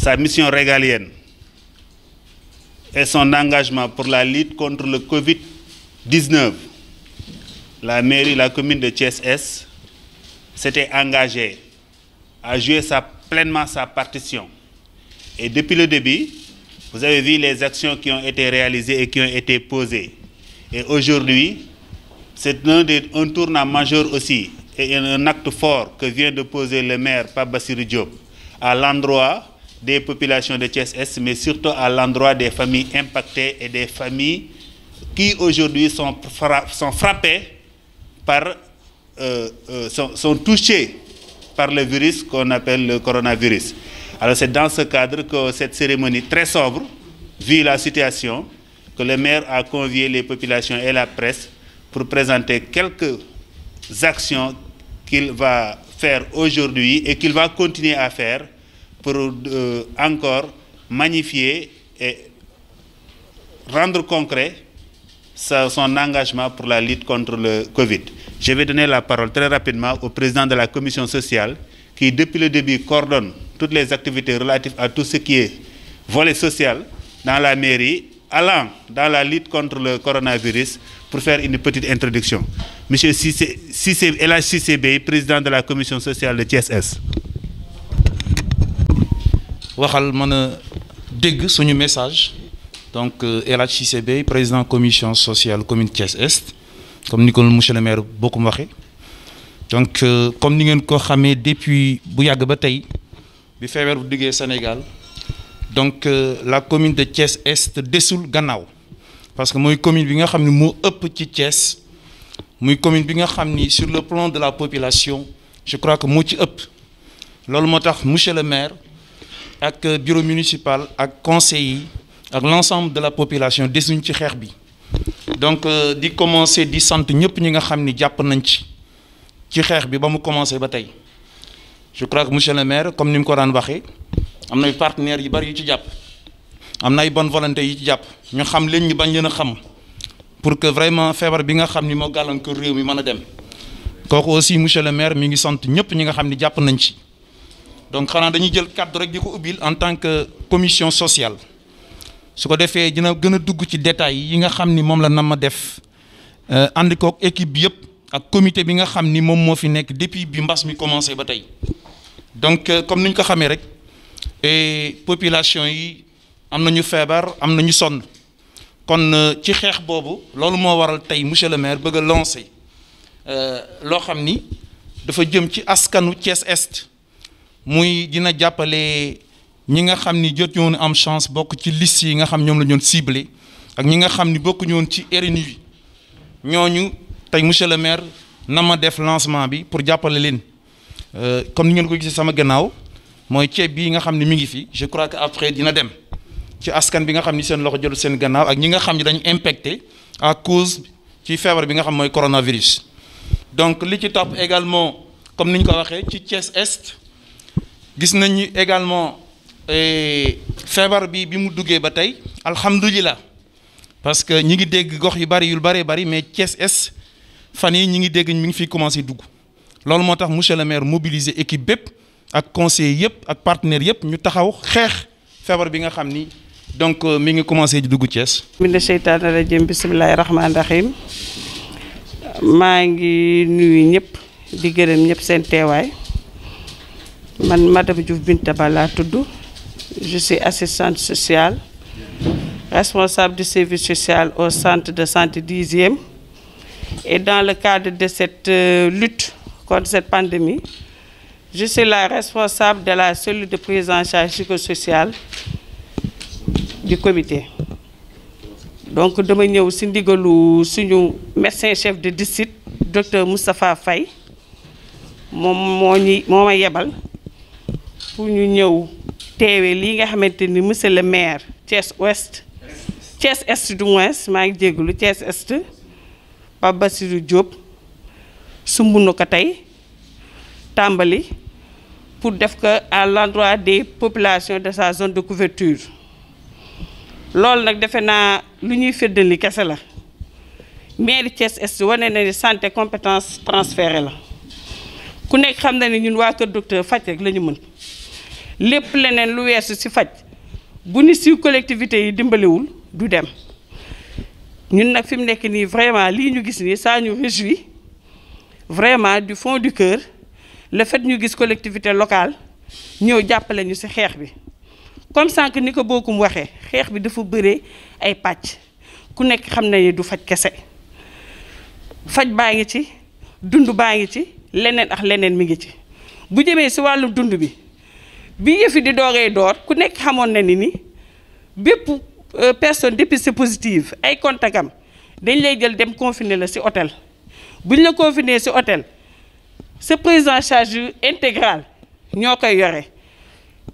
sa mission régalienne et son engagement pour la lutte contre le Covid-19, la mairie, la commune de Thiès-Est s'était engagée à jouer sa, pleinement sa partition. Et depuis le début, vous avez vu les actions qui ont été réalisées et qui ont été posées. Et aujourd'hui, c'est un, un, tournant majeur aussi et un, un acte fort que vient de poser le maire Pabassir Diop à l'endroit des populations de Thiès-Est, mais surtout à l'endroit des familles impactées et des familles qui aujourd'hui sont, fra sont frappées par, euh, euh, sont, sont touchées par le virus qu'on appelle le coronavirus. Alors c'est dans ce cadre que cette cérémonie très sobre, vu la situation, que le maire a convié les populations et la presse pour présenter quelques actions qu'il va faire aujourd'hui et qu'il va continuer à faire pour euh, encore magnifier et rendre concret sa, son engagement pour la lutte contre le Covid. Je vais donner la parole très rapidement au président de la commission sociale qui, depuis le début, coordonne toutes les activités relatives à tout ce qui est volet social dans la mairie, allant dans la lutte contre le coronavirus pour faire une petite introduction. Monsieur Sissé, Sissé, LHCCB, président de la commission sociale de TSS. waxal mën a dégg suñu message donc euh, El Hadj Cissé président commission sociale commune Thiès Est comme ni kon monsieur le maire bokkum waxee donc euh, comme ni ngeen ko xamee depuis bu yàgg ba tey bi feebar bu diggee Sénégal donc euh, la commune de Thiès Est desul gannaaw parce que mooy commune bi nga xam ne moo ëpp ci Thiès muy commune bi nga xam ni sur le plan de la population je crois que moo ci ëpp loolu moo tax monsieur le maire ak euh, bureau municipal ak conseil yi ak l'ensemble de la population des desuñ ci xeex bi donc euh, di commencer di sant ñëpp ñi nga xam ni jàpp nañ ci ci xeex bi ba mu commencé ba tey je crois que le maire comme ni mu ko daan waxee am na ay partenaires yu bari yu ci jàpp am na ay bonne volonté yu ci jàpp ñu xam leen ñu bañ leen a xam pour que vraiment feebar bi nga xam ni moo gàllankoor réew mi mën a dem kooku aussi monsieur le maire mi ngi sant ñëpp ñi nga xam ni jàpp nañ ci. donc xanaa dañuy jël kàddu rek di ko ubbil en tant que commission sociale su ko defee dina gën a dugg ci détails yi nga xam ni moom la na ma def euh, ànd kook équipe bi yëpp ak comité bi nga xam ni moom moo fi nekk dépuis bi mbas mi commencé ba tey donc euh, comme ni ñu ko xamee rek et population yi am nañu feebar am nañu sonn kon euh, ci xeex boobu loolu moo waral tey monsieur le maire bëgg a lancer loo xam ni dafa jëm ci askanu Thiès Est muy dina jàppale ñi nga xam ni jot ñoon am chance bokk ci liste yi nga xam ñoom la ñoon ciblé ak ñi nga xam ni bokk ñoon ci RNU ñoo ñu tey monsieur le maire na ma def lancement bi pour jàppale leen euh, comme ni ngeen ko gisee sama gannaaw mooy ceeb bii nga xam ni mi ngi fi je crois que après dina dem ci askan bi nga xam ni seen loxo jotul seen gannaaw ak ñi nga xam ni dañu impacté à cause ci feebar bi nga xam mooy coronavirus donc li ci topp également comme ni ñu ko waxee ci Thiès gis nañ ni également eh, feebar bi bi mu duggee ba tey alhamdulilah parce que ñi ngi dégg gox yu bari yu bëree bari mais Thiès Est fan yi ñi ngi dégg mi ngi fi commencé dugg loolu moo tax monsieur le maire mobiliser équipe bépp ak conseil yëpp ak partenaires yëpp ñu taxaw xeex feebar bi nga xam ni donc euh, mu ngi commencé di dugg Thiès. mina seytaane rajim bisimilahi rahmaani rahim maa ngi nuyu ñëpp di gërëm ñëpp seen teewaay. man madame Diouf Binta Ba laa tudd je suis assistante sociale responsable du service social au centre de santé dixième et dans le cadre de cette euh, lutte contre cette pandémie je suis la responsable de la cellule de prise en charge psychosociale du comité donc dama ñëw ci ndigalu suñu médecin chef de district docteur Moustapha Faye moom moo moo ma yebal pour ñu ñëw teewe lii nga xamante ni monsieur le maire Thiès Ouest Thiès Est du moins maa ngi lu Thiès Est Pape Bassirou Diop sumb na ko tey tàmbali pour def ko à l'endroit des population de sa zone de couverture loolu nag defe naa lu ñuy féddali kese la mairie Thiès Est wane na ni santé compétence transférée la ku nekk xam na ni ñun waa Kër Docteur faj rek la ñu mën lépp leneen lu weesu ci faj bu ni ci collectivité yi dimbaliwul du dem ñun nag fi mu nekk nii vraiment lii ñu gis nii saa ñu réjouit vraiment du fond du cœur le fait ñu gis collectivité locale ñëw jàppale ñu ci xeex bi comme sànq ni ko bokkum waxee xeex bi dafa bëree ay pàcc ku nekk xam na ni du faj kese faj baa ngi ci dund baa ngi ci leneen ak leneen mi ngi ci bu jëmee ci wàllum dund bi bi yëf yi di dooree door ku nekk xamoon na ni ni bépp euh, personne dépistée positive ay contact am dañ lay jël dem confiner la si hôtel buñ la confiner si hôtel sa prise en charge intégrale ñoo koy yore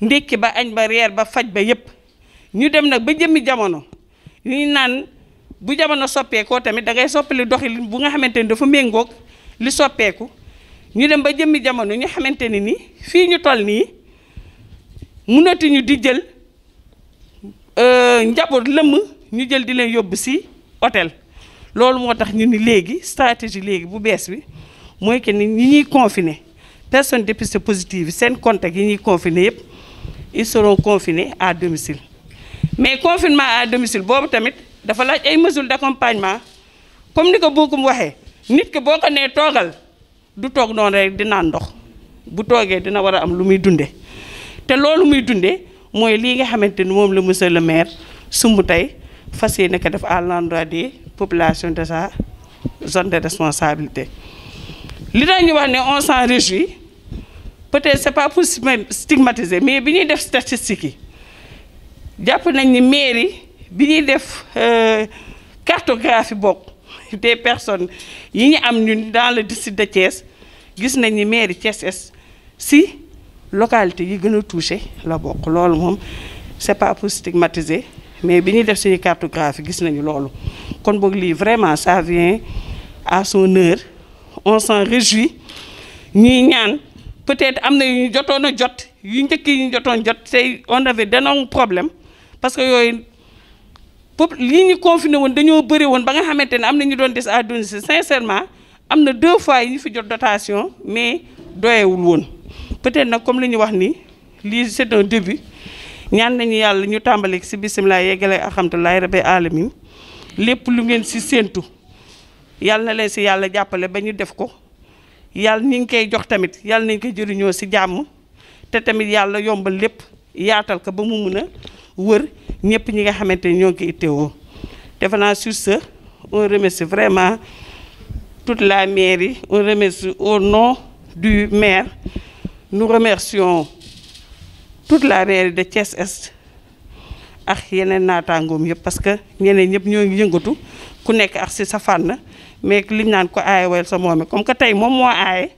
ndékki ba añ ba reer ba faj ba yépp ñu dem nag ba jëmmi jamono ñu naan bu jamono soppeekoo tamit da ngay soppali doxalin bu nga xamante ni dafa méngoog li soppeeku ñu dem ba jëmmi jamono ñu xamante ni nii fii ñu toll nii ñu di jël euh, njaboot lëmm ñu jël di leen yóbbu si hôtel loolu moo tax ñu ni léegi stratégie léegi bu bees bi mooy que ni ñi ñuy confiné personne dépistée positive seen contact yi ñuy confiné yëpp ils seront confinés à domicile mais confinement à domicile boobu tamit dafa laaj ay mesures compagnement comme ni ko boo bookum waxee nit ki boo ko nee toogal du toog noonu rek di ndox bu toogee dina war a am lu muy dunde te loolu muy dundee mooy lii nga xamante ni moom la monsieur le maire sumb tey fas yéene ko def à l'endroit des population de sa zone de responsabilité. li dañu wax ne on s'en peut-être c'est pas pour stigmatiser mais bi ñuy def statistiques yi jàpp nañ ni mairie bi ñuy def euh, cartographie bokk des personnes yi ñu am ñu dans le district de Thiès gis nañ ni mairie Thiès si. localité yi gën a touché la bokk loolu moom c'est pas pour stigmatiser mais bi ñuy def suñu cartographie gis nañu loolu kon boog lii vraiment ça vient à son heure on s'en réjouit ñuy ñaan peut-être am na yu ñu jotoon a jot yu njëkk yi ñu jotoon jot tey on avait non problème parce que yooyu pop lii ñu confiné woon dañoo bëri woon ba nga xamante ne am na ñu doon des à Dóni sincèrement am na deux fois yi ñu fi jot dotation mais doyewul woon. peut-être nag comme li ñu wax nii lii c'est un ñaan nañu yàlla ñu tàmbali si bisimilah yeggale alhamdulilah rabbi alamin lépp lu ngeen si séentu yàlla na leen si yàlla jàppale ba ñu def ko yàlla ni ngi koy jox tamit yàlla nañ koy jëriñoo si jàmm te tamit yàlla yombal lépp yaatal ko ba mu mun a wër ñëpp ñi nga xamante ni ñoo ngi koy itteewoo defe naa sur ce on remercie vraiment toute la mairie on remercie au nom du maire. nu remercions tout la réalité de Thiès-Est ak yeneen naataangoom yëpp parce que ñeneen ñëpp ñoo ngi yëngatu ku nekk ak si sa fànn mais liñ naan ko aaye wal sa moome comme que tey moom moo aaye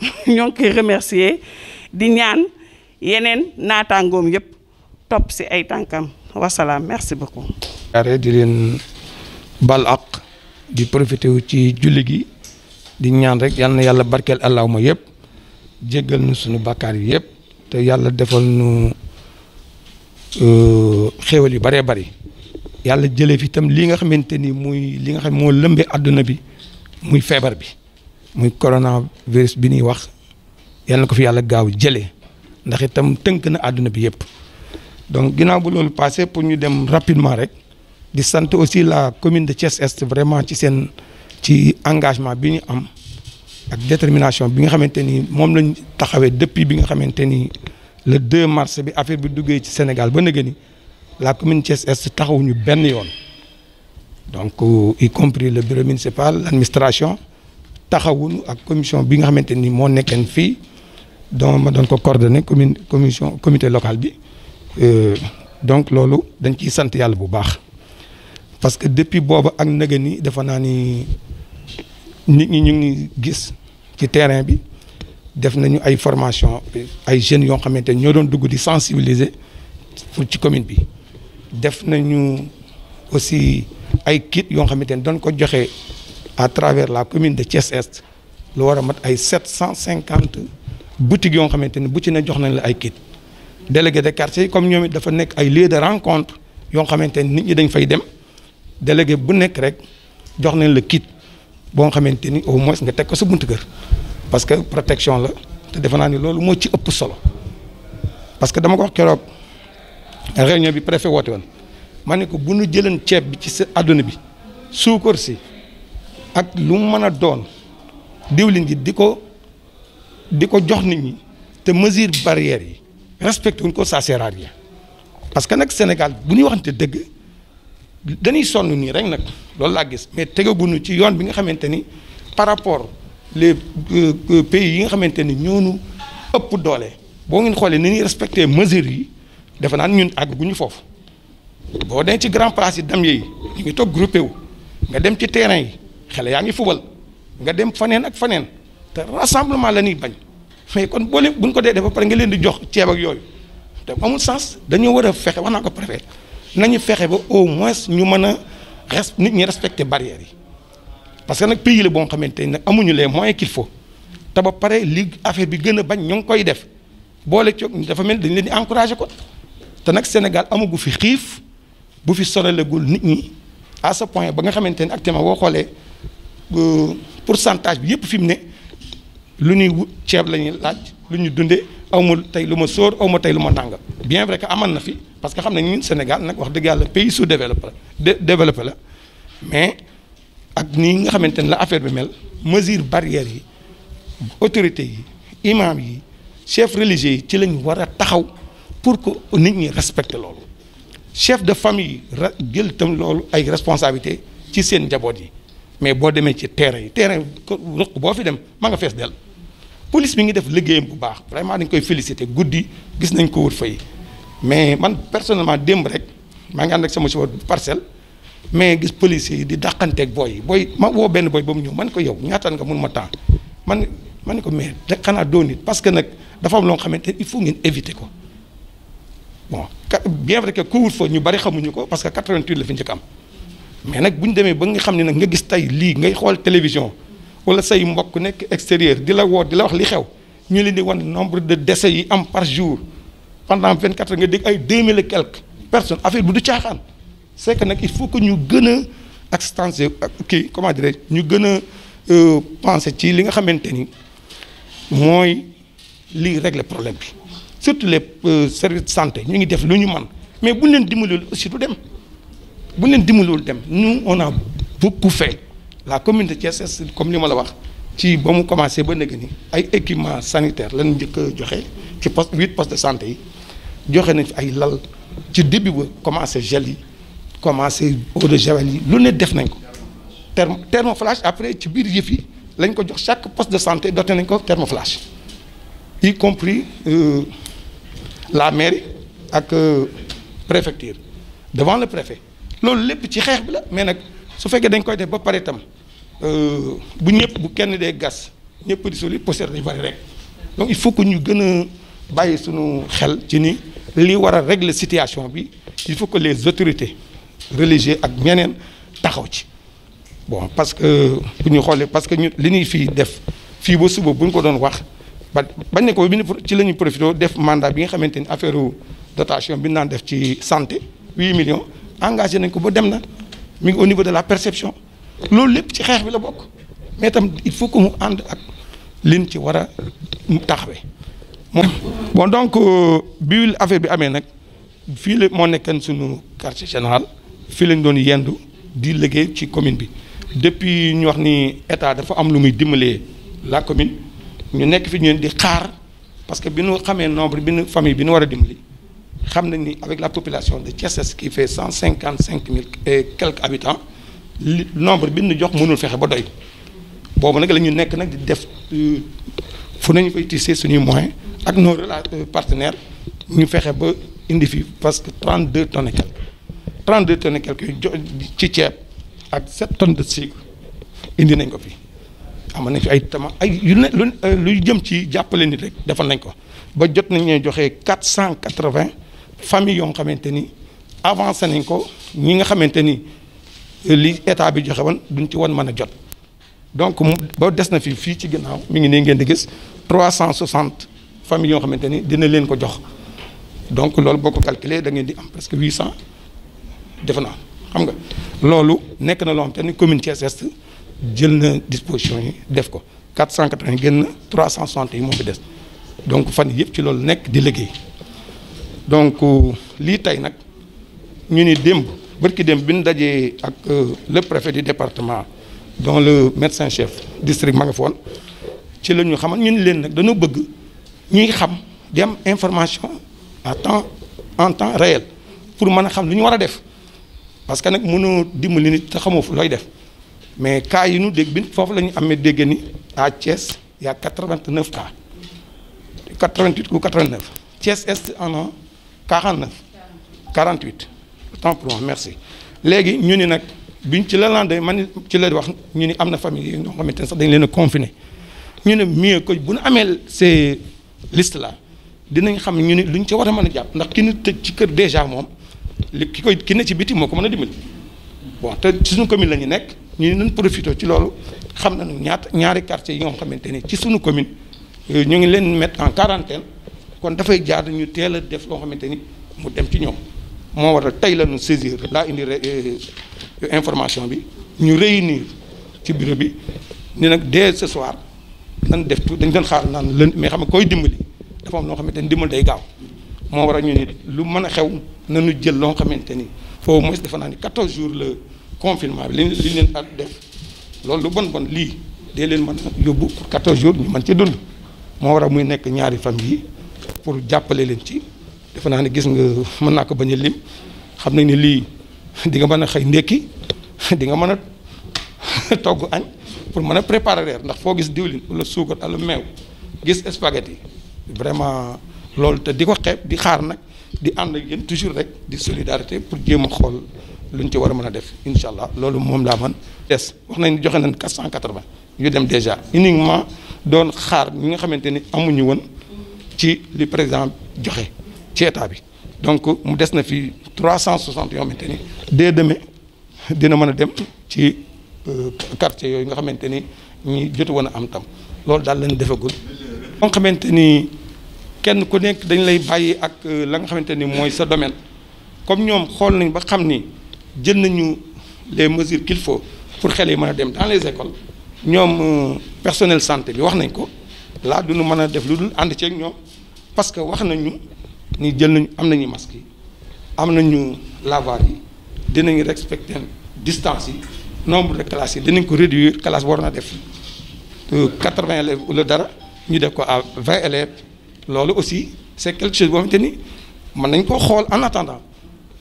ñoo ngi koy remercier di ñaan yeneen naataangoom yëpp topp si ay tànkam wasalaam merci beaucoup. yaare ak di profité wu ci julli gi di ñaan rek yal na yàlla barkeel allahuma yëpp. jéggal nu sunu bakkaar yi yëpp te yàlla defal nu euh, xéewal yu bëree bari yàlla jëlee fi tam lii nga xamante ni muy li nga xam moo lëmbee àdduna bi muy feebar bi muy coronavirus bi ñuy wax yal ko fi yàlla gaaw jëlee ndax itam tënk na àdduna bi yëpp donc ginnaaw bu loolu passé pour ñu dem rapidement rek di sant aussi la commune de Thiès Est vraiment ci seen ci engagement bi ñu am ak détermination bi nga xamante ni moom lañ taxawee depuis bi nga xamante ni le deux mars bi affaire bi duggee ci Sénégal ba nëgë la commune Thiès taxawuñu benn yoon donc euh, y compris le bureau municipal l'administration taxawuñu ak commission bi nga xamante ni moo nekkeen fii donc ma doon ko coordonné commune commission comité local bi euh, donc loolu dañ ciy sant yàlla bu baax parce que depuis booba ak nëgë ni dafa naa ni nit ñi ñu ngi gis ci terrain bi def nañu ay formation ay jeunes yoo xamante ñoo doon dugg di sensibiliser pour ci commune bi def nañu aussi ay kit yoo xamante ne doon ko joxe à travers la commune de Thiès Est lu war a mat ay sept cent cinquante boutiques yoo xamante ne bu ci jox nañ la ay kit délégué de quartier comme ñoom it dafa nekk ay lieu de rencontre yoo xamante ne nit ñi dañ fay dem délégué bu nekk rek jox nañ la kit boo xamante ni au moins nga teg ko sa buntu kër parce que protection la te defe naa ni loolu moo ci ëpp solo parce que dama ko wax keroog bi préfet woote woon ma ne ko bu nu jëlan ceeb bi ci sa àdduna bi suukar si ak lu mën a doon diwlin gi di ko di ko jox nit ñi te mesure barrière yi respecté wuñ ko ça yi à rien parce que nag Sénégal bu ñuy waxante dëgg. dañuy sonn nii rek nag loolu laa gis mais tegaguñu ci yoon bi nga xamante ni par rapport les euh, euh, pays yi nga xamante ni ñoonu ëpp doole boo ngeen xoolee ni ñuy respecté mesures yi defe naa ñun ak àgguñu foofu boo dem ci grand place yi dam yi ñu ngi toog groupé wu nga dem ci terrain yi xale yaa ngi fubal nga dem faneen ak faneen te rassemblement la ñuy bañ fee kon boo leen buñ ko dee def ba pare nga leen di jox ceeb ak yooyu te amul sens dañoo war a fexe wax naa ko préfet nañu fexe ba au moins ñu mën a res nit ñi respecter barrières yi parce que nag pays boo xamante ni nag amuñu leen moyens qu'il faut te ba pare li affaire bi gën a bañ ñoo ngi koy def boole coog dafa mel dañ leen di encourager ko te nag Sénégal amagu fi xiif bu fi sonalegul nit ñi à ce point ba nga xamante ni actuellement boo xoolee euh, pourcentage bi yëpp fi mu ne. lu ñuy ceeb la ñuy laaj lu ñu dundee aw ma tey lu ma sóor aw ma tey lu ma nàngam bien vrai que aman na fi parce que xam nañ ñun Sénégal nag wax dëgg yàlla pays sous-développé la la mais ak nii nga xamante ne la affaire bi mel mesure barrière yi autorité yi imam yi chef religieux yi ci lañ war a taxaw pour que nit ñi respecte loolu chef de famille yi jël tam loolu ay responsabilité ci seen njaboot yi mais boo demee ci terrain yi terrain ruq boo fi dem ma dell police bi ngi def liggéeyam bu baax vraiment dañ koy félicité guddi gis nañ ko wër fay mais man personnellement démb rek maa ngi ànd ak sama chauffeur parcelle mais gis police yi di dàqanteeg booy yi booy ma woo benn booy ba mu ñëw man ko yow ñaataan nga mun ma temps man man ko mais da xanaa doo nit parce que nag dafa am loo xamante il faut ngeen éviter ko bon bien vrai que couvre-feu ñu bari xamuñu ko parce que 88 la fi njëkk am mais nag bu demee ba nga xam ne nag nga gis tey lii ngay xool télévision. wala say mbokk nekk extérieur di la woo di la wax li xew ñu leen di wan nombre de décès yi am par jour pendant vingt quatre heures nga dégg ay deux mille et quelques personnes affaire bu du caaxaan c' est que il faut que ñu gën a accentuer euh, kii comment dirais ñu gën a euh, penser ci li nga xamante ni mooy lii régler problème bi surtout les euh, services de santé ñu ngi def lu ñu man mais bu ñu leen dimbalul aussi du dem bu ñu leen dimbalul dem nu on a beaucoup la commune de Thiès Est comme li ma la wax ci ba mu commencé ba nëgg ni ay équipement sanitaire lañ njëkk a joxe ci poste huit postes de santé yi joxe nañ fi ay lal ci début ba commencé gel yi commencé eau de javel yi lu ne def nañ ko thermo thermoflash après ci biir yëf yi lañ ko jox chaque poste de santé doté nañ ko thermoflash y compris euh, la maire ak euh, préfecture devant le préfet loolu lépp ci xeex bi la mais nag su fekkee dañ koy def ba pare itam Euh, bu ñëpp bu kenn dee gas ñëpp di soli poussière dañu bari rek donc il faut que ñu gën a bàyyi suñu xel ci ni li war a régler situation bi il faut que les autorités religieuses ak ñeneen taxaw ci bon parce que bu ñu xoolee parce que ñu li ñuy fii def fii ba suba bu ñu ko doon wax ba bañ ne ko bi ci la ñuy profité def mandat bi nga xamante ni affaire dotation bi ñu daan def ci santé huit millions engagé nañ ko ba dem na mi au niveau de la perception loolu lépp ci xeex bi la bokk mais tam il faut que mu ànd ak lin ci war a taxawee. bon donc euh, bi affaire bi amee nag fii la moo nekkan suñu quartier général fii lañ doon yendu di léggéey ci commune bi depuis ñu wax ni état dafa am lu muy dimbalee la commune ñu nekk fi ñu di xaar parce que bi ñu xamee nombre bi nu famille bi nu war a dimbali xam nañ ni avec la population de Thiès qui fait cent cinquante cinq mille quelque quelques habitants. li nombre bi ñu jox mënul fexe ba doy boobu nag la ñu nekk nag di def euh, fu nañu koy tisser suñuy moyen ak noor nos euh, partenaire ñu fexe ba indi fi parce que 32 tonnes et quelques 32 tonnes et quelques ci ceeb ak 7 tonnes de sucre indi nañ ko fi amoon nañ fi ay tama ay yu euh, lu jëm ci jàppale nit rek defal nañ ko ba jot nañ ñuy joxe 480 familles yoo xamante ni avancé nañ ko ñi nga xamante ni. li état bi joxe woon duñ ci wan mën a jot donc mu ba des na fi fii ci ginnaaw mi ngi nii ngeen di gis trois cent soixante familles yoo xamante ni dina leen ko jox donc loolu boo ko calculer da ngeen di am presque huit cent defe naa xam nga loolu nekk na loo xamante ni commune Thiès Est jël na disposition yi def ko quatre cent quatre vingt génn trois cent soixante yi moom fi des donc fan yëpp ci loolu nekk di liggéey donc lii tey nag ñu ni démb bërki dem bi nu dajee ak euh, le préfet du département dont le médecin chef district ma nga foon ci la ñu xamal ñun leen nag dañoo bëgg ñuy xam di information à temps en temps réel pour mën a xam lu ñu war a def parce que nag mënoo dimbali nit te xamoo fu looy def mais cas yi ñu dégg bi foofu la ñu amee dégg ni à Thiès y' a 89 cas 88 ou 89 Thiès est en a 49 48. temps pour merci léegi ñu ni nag biñ ci la lande man ci la wax ñu ni am na famille yi ñoo xamante ne sax dañ leen a confiné ñu ne mieux que bu ñu amee ces liste là dinañ xam ñu ni ñu ci war a mën a jàpp ndax ki ñu tëj ci kër déjà moom li ki koy ki ne ci biti moo ko mën a dimbali bon te suñu commune la ñu nekk ñu nañ profité ci loolu xam na nañu ñaata ñaari quartier yi nga xamante ne ci suñu commune euh, ñu ngi leen mettre en quarantaine kon dafay jaar ñu teel a def loo xamante ni mu dem ci ñoom moo waral tey la ñu saisir laa indi euh, euh, information bi ñu réunir ci bureau bi ni nag de ce soir nan def tout dañ doon xaar naan lan mais xam nga koy dimbali dafa am loo xamante ni dimbal day gaaw moo waral ñu ni lu mën a xew nañu jël loo xamante ni foofu mooy defe ni 14 jours le confinement bi li li leen a def loolu lu bon bon lii de leen mën a yóbbu pour 14 jours ñu mën ci dund moo war a muy nekk ñaari famille yi pour jàppale leen ci. defe naa ne gis nga mën naa ko bañ a lim xam nañ ni lii di nga mën a xëy ndékki di nga mën a togg añ pour mën a préparer reer ndax foo gis diwlin wala suukar wala meew gis spaghetti vraiment loolu te di ko xeeb di xaar nag di ànd ak yéen toujours rek di solidarité pour jéem a xool luñ ci war a mën a def incha allah loolu moom laa man des wax nañ joxe nañ 480 yu dem déjà uniquement doon xaar ñi nga xamante ni amuñu woon ci li par exemple joxe. ci état bi donc mu des na fi trois cent soixante yoo xamante ni dès demain dina mën a dem ci euh, quartier yooyu nga xamante ni ñi jotu woon a am tam loolu daal lañ defagul nga xamante ni kenn ku nekk dañ lay bàyyi ak euh, la nga xamante ni mooy sa domaine comme ñoom xool nañ ba xam ni jël nañu les mesures qu'il faut pour xel yi mën a dem dans les écoles ñoom euh, personnel santé bi wax nañ ko laa duñu mën a def lu dul ànd ceeg ñoom parce wax nañu ni jël nañu am nañu masque yi am nañu lavoir yi dinañu respecter distance yi nombre de classes yi dinañ ko réduire classe war na def quatre-vingts élèves wala dara ñu def ko à vingt élèves loolu aussi c'est quelque chose boo xamante ni mën nañ ko xool en attendant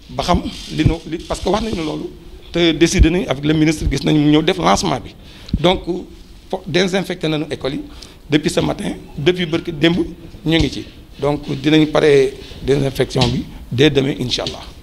ba xam li no li parce que wax nañu loolu te décidé nañ avec le ministre gis nañu ñëw def lancement bi donc désinfecté nañu école yi depuis ce matin depuis bërki démb ñu ngi ci donc dinañ pare désinfection bi dès demain incha allah.